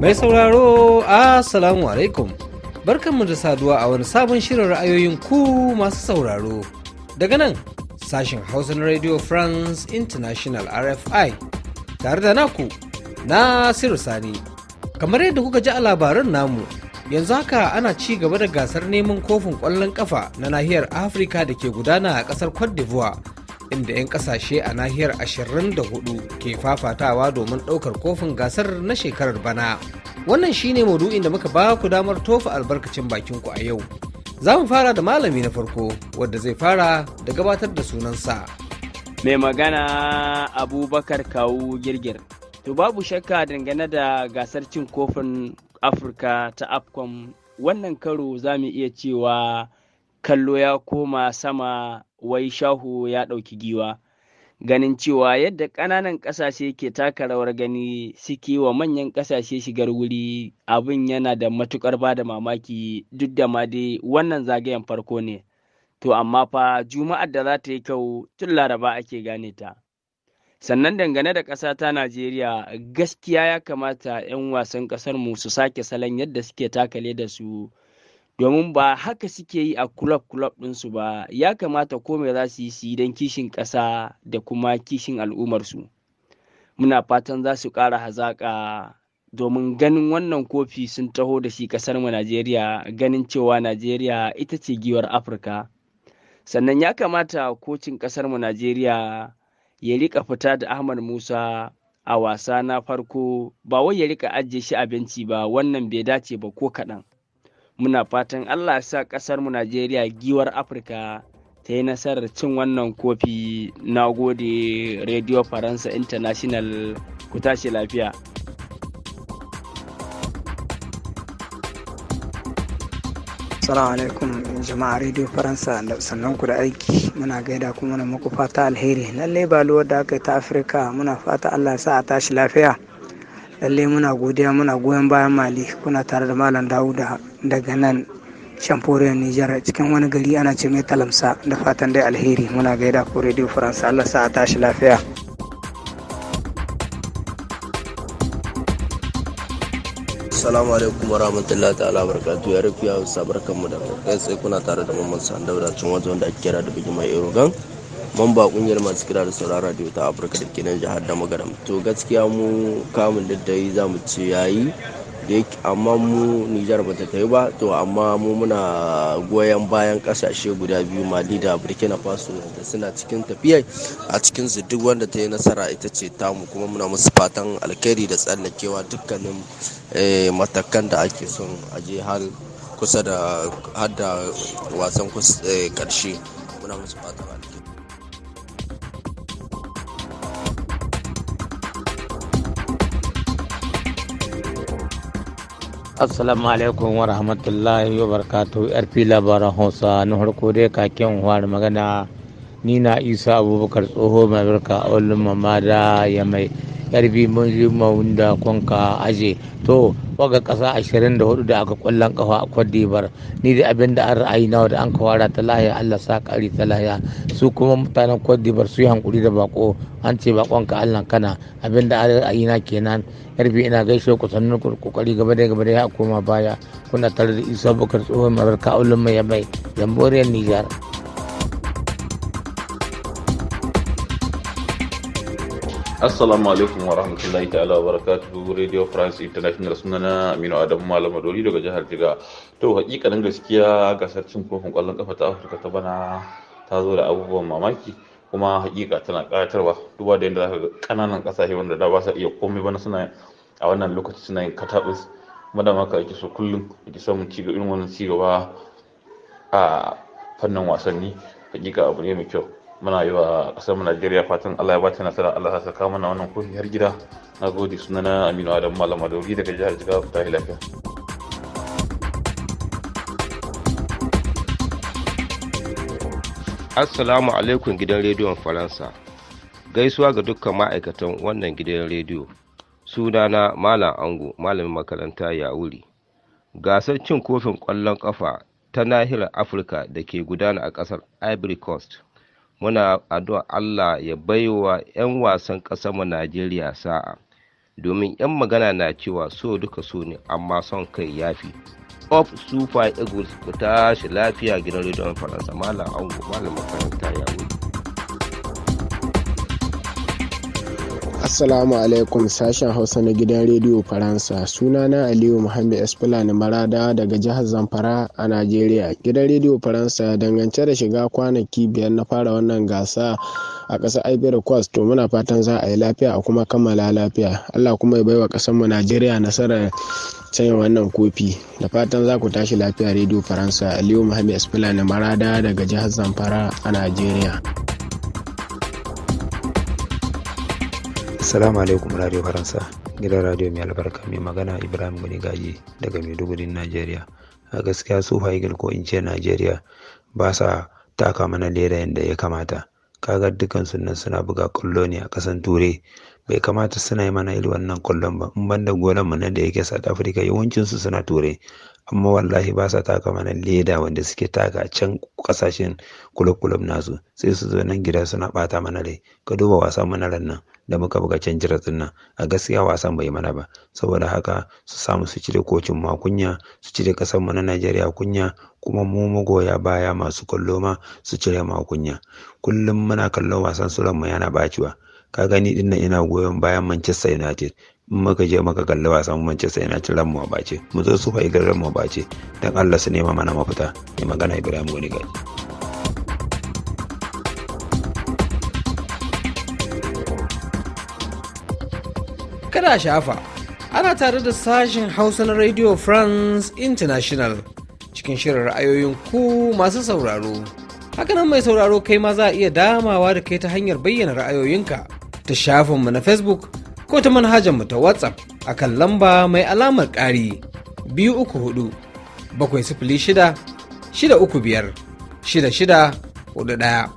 Mai sauraro, Assalamu alaikum. mu da saduwa a wani sabon shirin ra'ayoyin ku masu sauraro. Daga nan, sashen Hausa na Radio France International RFI, tare da naku, Nasiru Sani. Kamar yadda kuka ji a labaran namu, yanzu haka ana ci gaba da gasar neman kofin ƙwallon ƙafa na nahiyar Afirka da ke gudana a ƙasar Cote d'Ivoire. inda 'yan kasashe a nahiyar 24 ke fafatawa domin ɗaukar kofin gasar na shekarar bana wannan shine maudu'in da muka ba ku damar tofa albarkacin bakin ku a yau za mu fara da malami na farko wadda zai fara da gabatar da sunansa mai magana abubakar kawu girgir to babu shakka dangane da gasar cin kofin afirka ta afcon wannan karo za mu iya cewa kallo ya koma sama wai shahu ya ɗauki giwa ganin cewa yadda ƙananan ƙasashe ke taka rawar gani suke wa manyan ƙasashe shigar wuri abin yana da matuƙar ba da mamaki duk da ma dai wannan zagayen farko ne to amma fa juma'ar da za ta yi kyau tun laraba ake gane ta sannan dangane da ƙasa ta najeriya gaskiya ya kamata 'yan wasan ƙasar mu su sake salon yadda suke takale da su domin ba haka suke yi a club club su ba ya kamata ko me za su yi su yi don kishin ƙasa da kuma kishin al'ummarsu muna fatan za su ƙara hazaƙa domin ganin wannan kofi sun taho da shi ƙasar mu najeriya ganin cewa najeriya ita ce giwar afirka sannan ya kamata kocin ƙasar mu najeriya ya rika fita da ahmad musa a wasa na farko ba wai ya rika ajiye shi abinci ba wannan bai dace ba ko kaɗan muna fatan allah ya sa kasar mu najeriya giwar afirka ta yi nasarar cin wannan kofi na gode radio faransa international ku tashi lafiya Assalamu alaikum jama'a Radio Faransa da sannan ku da aiki muna gaida kuma na muku fata alheri lallai ba da aka ta Afirka muna fata Allah sa a tashi lafiya lallai muna godiya muna goyon bayan mali kuna tare da malam dawuda daga nan shamforiyar nijar cikin wani gari ana ce mai talamsa da fatan dai alheri muna gaida ko radio faransa allah sa tashi lafiya salamu alaikum warahmatullahi ta'ala barakatuh ya rufiya hausa kanmu da kai tsaye kuna tare da mamman sandau da cin wajen da ake kira da bigi mai irugan mamba kungiyar masu kira da saurara radio ta afirka da ke nan jihar da magaram to gaskiya mu kamun dai za mu ce yayi amma mu nijar ta kai ba to amma mu muna goyon bayan kasashe guda biyu mali da burkina faso da suna cikin tafiya a cikin su duk wanda ta yi nasara ita ce ta mu kuma muna musu fatan alkhairi da tsallakewa dukkanin eh, matakan da ake son aje har kusa da wasan wasan karshe eh, muna musu fatan assalamu alaikum wa rahmatullahi wa barakatuhu rp labaran hausa na farko dai kakin wani magana ni na isa abubakar tsoho mai barka a mamada ya mai karfi mun ji mawun da kwanka aje to waga kasa 24 da aka kwallon kafa a kwadibar ni da abin da an ra'ayi nawa da an kawara ta lahiya Allah sa kari ta lahiya su kuma mutanen kwadibar su yi hankuri da bako an ce bakon ka Allah kana abin da an ra'ayi na kenan karfi ina gaishe ku sannan kokari gaba da gaba da ya koma baya kuna tare da Isa Bukar tsohon marar ka'ulun mai yabai jamhuriyar Nijar. assalamu alaikum wa rahmatullahi ta'ala wa barakatuhu radio france international sunana aminu adamu malam dori daga jihar jiga to hakikanin gaskiya gasar cin kofin kwallon kafa ta afirka ta bana ta zo da abubuwan mamaki kuma hakika tana kayatarwa duba da yadda zaka ga kananan kasashe wanda da ba sa iya komai bana suna a wannan lokaci suna yin katabus madan ka ake so kullum ake samun cigaba irin wannan cigaba a fannin wasanni hakika abu ne mai kyau muna yi wa ƙasar Najeriya fatan Allah ya bata nasara Allah ya saka mana wannan kofi har gida na gode sunana Aminu Adam Malam Adori daga jihar Jigawa ta lafiya Assalamu alaikum gidan rediyon Faransa gaisuwa ga dukkan ma'aikatan wannan gidan rediyo sunana Malam Ango malamin makaranta ya wuri gasar cin kofin ƙwallon ƙafa ta nahiyar Afirka da ke gudana a ƙasar Ivory Coast muna addu'a Allah ya baiwa 'yan wasan mu Najeriya sa'a domin 'yan magana na cewa so duka so ne amma son kai yafi of super eagles ku tashi lafiya gidan rediyon faransa malam ango malam makaranta ya wuce Assalamu alaikum sashen Hausa na gidan Rediyo Faransa. Sunana Aliyu Muhammad Esfulani Marada daga jihar Zamfara a Najeriya. Gidan Rediyo Faransa dangance da shiga kwanaki biyar na fara wannan gasa a ƙasar Ivory Coast to muna fatan za a yi lafiya a kuma kammala lafiya. Allah kuma ya baiwa ƙasar mu Najeriya nasarar sanya wannan kofi. Da fatan za ku tashi lafiya Rediyo Faransa. Aliyu Muhammad Esfulani Marada daga jihar Zamfara a Najeriya. Assalamu alaikum Radio Faransa, gidan radio mai albarka mai magana Ibrahim Gani Gaji daga Maiduguri, Najeriya. A gaskiya su Haigil ko in ce Najeriya ba sa taka mana leda yadda ya kamata. Kaga dukkan sunan suna buga kullo ne a kasan ture Bai kamata suna yi mana irin wannan kullon ba, in banda golan mu na da yake South Africa yawancin su suna ture Amma wallahi ba sa taka mana leda wanda suke taka can kasashen kulub-kulub nasu sai su zo nan gida suna bata mana rai. Ka duba wasan mana ran nan. da muka buga can jiras din nan a gaskiya wasan bai mana ba saboda haka su samu su cire kocin ma kunya su cire kasar mu na Najeriya kunya kuma mu magoya baya masu kallo ma su cire ma kunya kullum muna kallon wasan su mu yana bacewa ka gani din ina goyon bayan Manchester United muka je muka kalli wasan Manchester United ran mu bace mu zo su fa idan ran mu bace dan Allah su nema mana mafita ne magana Ibrahim Gonigal kada shafa ana tare da sashen hausa na radio france international cikin shirin ra'ayoyin ku masu sauraro hakanan mai sauraro kai ma za a iya damawa da kai ta hanyar bayyana ra'ayoyinka ta shafinmu na facebook ko ta manhajarmu ta whatsapp a kan lamba mai alamar ƙari biyu uku hudu bakwai sifili shida shida uku biyar shida shida hudu ɗaya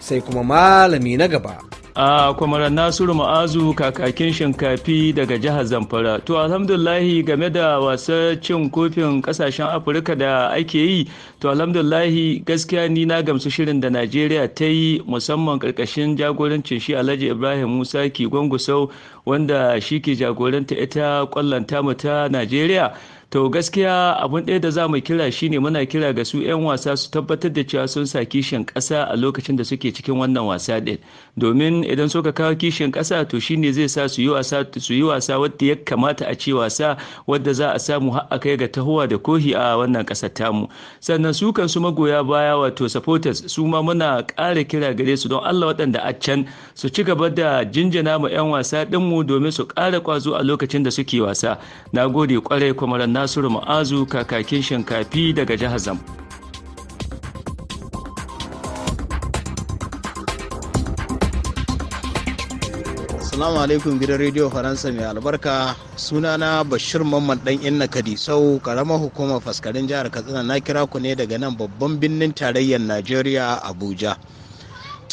sai kuma malami na gaba a kwamaran nasiru ma'azu kakakin shinkafi daga jihar zamfara to alhamdulahi game da wasa cin kofin kasashen afirka da ake yi to alhamdulahi gaskiya ni na gamsu shirin da najeriya ta yi musamman karkashin jagorancin shi alhaji ibrahim musa ki gwangusau wanda shi ke jagoranta ita kwallon tamu ta najeriya To gaskiya abun ɗaya da za mu kira shine muna kira ga su 'yan wasa su tabbatar da cewa sun sa kishin ƙasa a lokacin da suke cikin wannan wasa ɗin. Domin idan suka kawo kishin ƙasa to shine zai sa su yi wasa su wadda ya kamata a ce wasa wadda za a samu har a kai ga tahowa da kohi a wannan ƙasar tamu. Sannan su kansu magoya baya wato supporters su ma muna ƙara kira gare su don Allah waɗanda a can su ci gaba da jinjina mu 'yan wasa ɗinmu domin su ƙara ƙwazo a lokacin da suke wasa. Na gode ƙwarai kwamaran Nasiru mu'azu kakakin shinkafi daga jihar zam Salamu alaikum gidan rediyo Faransa mai albarka sunana Bashir Mamman dan Inna Kadisau karamar hukumar faskarin jihar Katsina na kira ku ne daga nan babban birnin tarayyar Najeriya Abuja.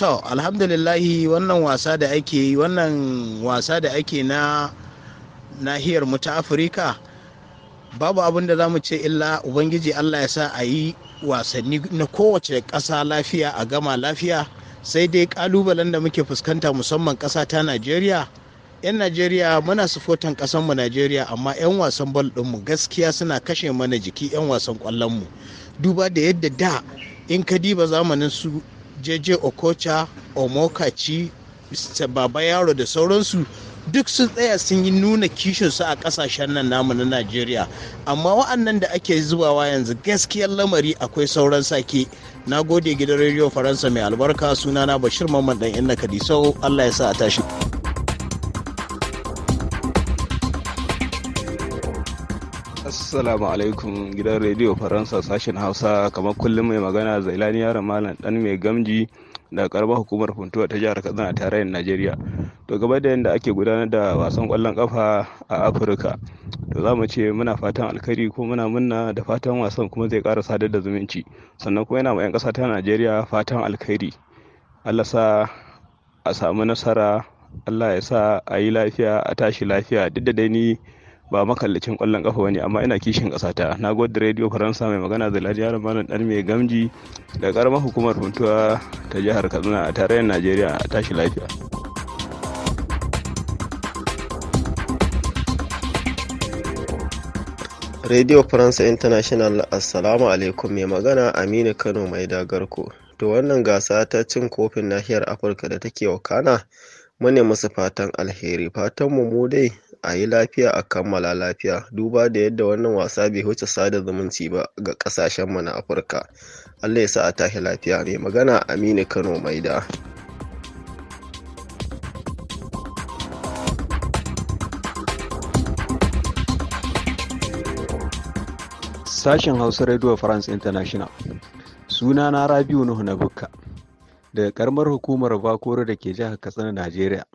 To alhamdulillahi wannan wasa da ake wannan wasa da ake na nahiyar mu ta Afirka babu abin da za mu ce illa ubangiji allah ya sa a yi wasanni na kowace ƙasa lafiya a gama lafiya sai dai ƙalubalen da muke fuskanta musamman ƙasa ta najeriya 'yan najeriya muna sufotan mu najeriya amma 'yan wasan bal ɗinmu gaskiya suna kashe mana jiki 'yan wasan mu duba da yadda da in ka diba zamanin su jeje okocha omokaci baba yaro da sauransu duk sun tsaya sun yi nuna kishinsu a kasashen nan namu na najeriya amma wa'annan da ake zubawa yanzu gaskiyar lamari akwai sauran sake na gode gidan rediyo faransa mai albarka sunana bashir mamman dan inna kadisau allah ya sa a tashi Assalamu alaikum gidan rediyo Faransa sashen Hausa kamar kullum mai magana Zailani Yaron Malam dan mai gamji da karbar hukumar funtuwa ta jihar katsina a tarayyar najeriya to gaba da yadda ake gudanar da wasan kwallon kafa a afirka to za mu ce muna fatan alkhairi ko muna munna da fatan wasan kuma zai kara sadar da zumunci sannan kuma yana ma 'yan ƙasa ta najeriya fatan alkhairi allah sa a samu nasara allah ya sa a yi lafiya a tashi lafiya duk da dai ni ba makallacin kwallon kafa bane amma ina kishin kasata na gode radio faransa mai magana da yaron malam dan mai gamji da karamar hukumar huntuwa ta jihar kaduna a tarayyar najeriya a tashi lafiya radio faransa international assalamu alaikum mai magana aminu kano mai dagarko to wannan gasa ta cin kofin nahiyar afirka da take wakana mu ne musu fatan alheri fatan mu mu dai A yi lafiya a kammala lafiya, duba da yadda wannan wasa bai wuce sada zumunci ba ga mu na Afirka. Allah ya sa a tashi lafiya mai magana Aminu Kano Maida. Sashen Hausa Radio France International. Suna na Rabiu Nuhu na Bukka, daga karamar hukumar Bakoro da ke jihar Katsina, Najeriya.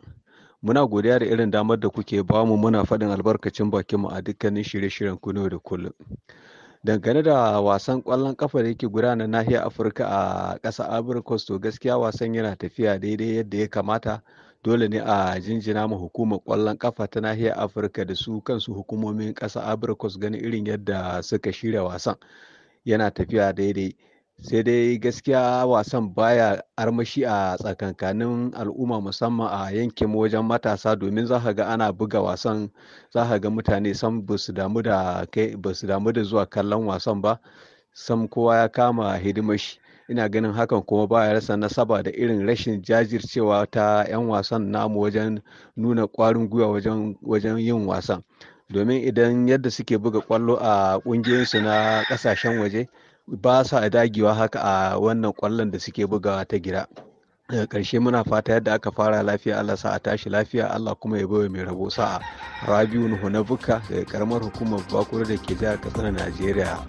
Muna godiya da irin damar da kuke bamu muna faɗin albarkacin bakin mu a dukkanin shirye-shiryen kuno da kullum. Dangane da wasan ƙwallon ƙafa da yake gudana nahiyar Afirka a ƙasa Abirikos Coast to gaskiya wasan yana tafiya daidai yadda ya kamata. Dole ne a jinjina ma hukumar ƙwallon ƙafa ta nahiyar Afirka da su kansu hukumomin ƙasa Abirikos Coast ganin irin yadda suka shirya wasan. Yana tafiya daidai. sai dai gaskiya wasan baya armashi a tsakankanin al'umma musamman a yankin wajen matasa domin za ga ana buga wasan za ga mutane sam ba su damu da zuwa kallon wasan ba sam kowa ya kama hidimashi ina ganin hakan kuma baya rasa nasaba da irin rashin jajircewa ta 'yan wasan namu wajen nuna kwarin gwiwa wajen yin wasan domin idan yadda suke buga kwallo a ƙungiyoyinsu na ƙasashen waje ba sa dagewa haka a wannan kwallon da suke bugawa ta gida ƙarshe muna fata yadda aka fara lafiya Allah sa a tashi lafiya Allah kuma ya baiwa mai rabo sa'a Rabiu Nuhunabuka daga karamar hukumar bakura da ke jihar Katsina Najeriya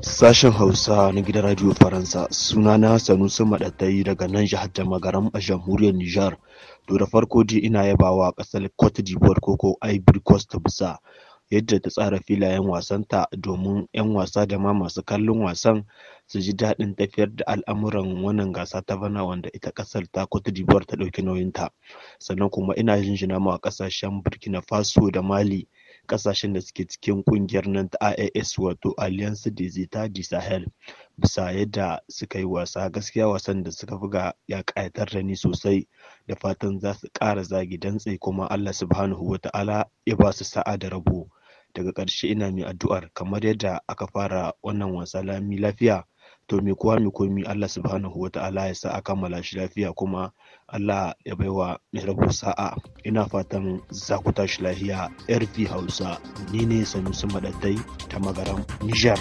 Sashen Hausa na gidan Radio Faransa sunana Sanusi Madatai daga nan jihar Jamagaram a jamhuriyar Nijar. To da farko dai ina yabawa ƙasar Cote d'Ivoire ko ko Ivory Coast bisa yadda ta tsara filayen wasanta domin 'yan wasa da ma masu kallon wasan su ji daɗin tafiyar da al'amuran wannan gasa ta bana wanda ita ƙasar ta Cote d'Ivoire ta ɗauki nauyinta. Sannan kuma ina jinjina ma ƙasashen Burkina Faso da Mali kasashen da suke cikin kungiyar nan ta IAS wato Alliance des Etats du Sahel bisa yadda suka yi wasa gaskiya wasan da suka buga ya kayatar da ni sosai da fatan za su ƙara zagi tsaye kuma Allah subhanahu wa ta'ala ya ba su sa'a da rabo daga ƙarshe ina mai addu'ar kamar yadda aka fara wannan wasa lami lafiya to mai kowa mai komi Allah subhanahu wa ta'ala ya sa a kammala shi lafiya kuma Allah ya baiwa mai rabu sa'a ina fatan za ku tashi lafiya RT Hausa ni ne Sanusi Madaddai ta magaran Nijar.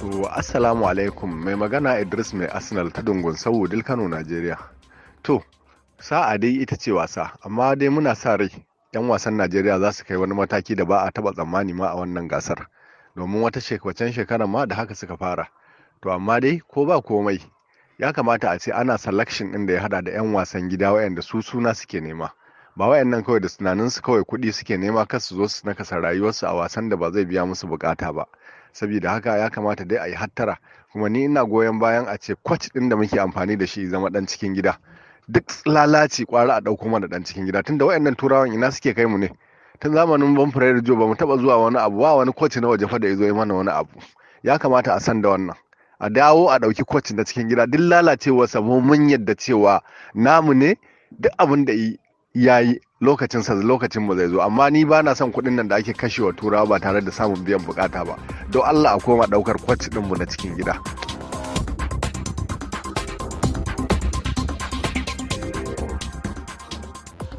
To assalamu alaikum mai magana Idris mai Arsenal ta dungun sawu Kano Najeriya. To sa'a dai ita ce wasa amma dai muna sa rai 'yan wasan najeriya za su kai wani mataki da ba a taba tsammani ma a wannan gasar domin wata shekwacen shekarar ma da haka suka fara to amma dai ko ba komai ya kamata a ce ana selection din da ya hada da 'yan wasan gida wayanda su suna suke nema ba wayannan kawai da tunanin su kawai kuɗi suke nema kar su zo su nakasa su a wasan da ba zai biya musu bukata ba saboda haka ya kamata dai a yi hattara kuma ni ina goyon bayan a ce coach din da muke amfani da shi zama dan cikin gida duk lalaci kwara a ɗauko mana dan cikin gida tunda wayannan turawan ina suke kai mu ne tun zamanin ban fure jo ba mu taba zuwa wani abu ba wani koci na waje fa da yazo yi mana wani abu ya kamata a san da wannan a dawo a dauki coach na cikin gida duk lalacewa mu mun yadda cewa namu ne duk abin da ya yi lokacin sa lokacin mu zai zo amma ni ba na son kuɗin nan da ake kashewa turawa ba tare da samun biyan bukata ba don allah a koma ɗaukar din mu na cikin gida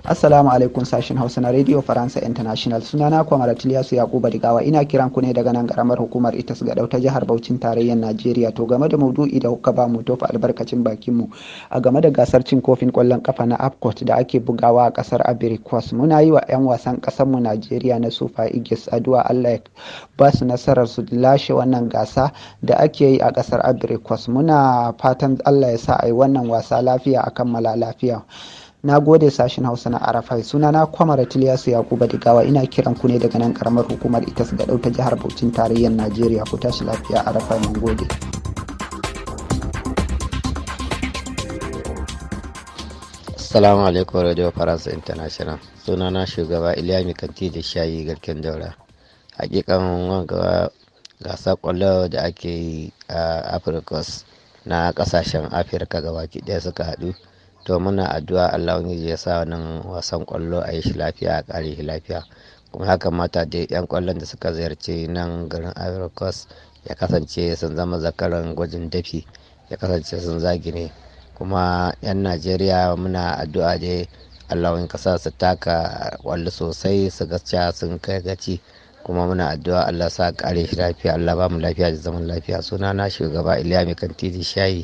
Assalamu alaikum sashin Hausa na Radio Faransa International sunana Kwamar Tiliyasu Yakuba Digawa ina kiran ku ne daga nan karamar hukumar Itas ga ta jihar Bauchin tarayyar Najeriya to game da maudu'i da kuka ba mu fa albarkacin bakin mu a game da gasar cin kofin kwallon kafa na Afcot da ake bugawa a kasar Ivory Coast muna yi wa yan wasan kasar mu Najeriya na Super Eagles addu'a Allah ya ba su nasarar su lashe wannan gasa da ake yi a kasar Ivory Coast muna fatan Allah ya sa a wannan wasa lafiya a kammala lafiya. na gode sashen hausa na arafai suna na kwamara tiliyasu yakuba digawa ina kiran ku ne daga nan karamar hukumar itas ga ta jihar bauchin tarayyar najeriya ku tashi lafiya arafai mun gode Assalamu alaikum Radio faransa International. suna na shugaba Iliya Mikanti da shayi garken daura. Hakikan wanga gasa kwallo da ake yi a Africos na kasashen Afirka gabaki ɗaya suka haɗu to muna addu'a Allah ubangiji ya sa wannan wasan kwallo a yi shi lafiya a kare shi lafiya kuma haka mata da yan kwallon da suka ziyarci nan garin Ivory Coast ya kasance sun zama zakaran gwajin dafi ya kasance sun zagi ne kuma yan Najeriya muna addu'a dai Allah wani kasa su taka kwallo sosai su gaskiya sun kai gaci kuma muna addu'a Allah sa kare shi lafiya Allah ba mu lafiya da zaman lafiya suna na shugaba Iliya Mai Kantidi Shayi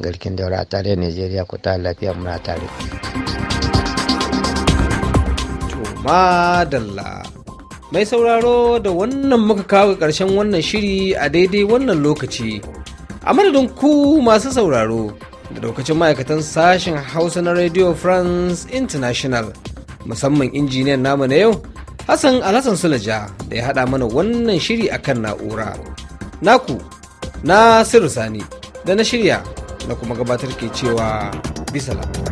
garkin daura a tarayyar Najeriya ku ta lafiya muna tare. madalla mai sauraro da wannan muka kawo ƙarshen wannan shiri a daidai wannan lokaci a madadin ku masu sauraro da lokacin ma'aikatan sashen hausa na radio france international musamman injiniyan namu na yau hassan alhassan sulaja da ya haɗa mana wannan shiri akan na'ura naku nasiru sani da na shirya na kuma gabatar ke cewa bisala.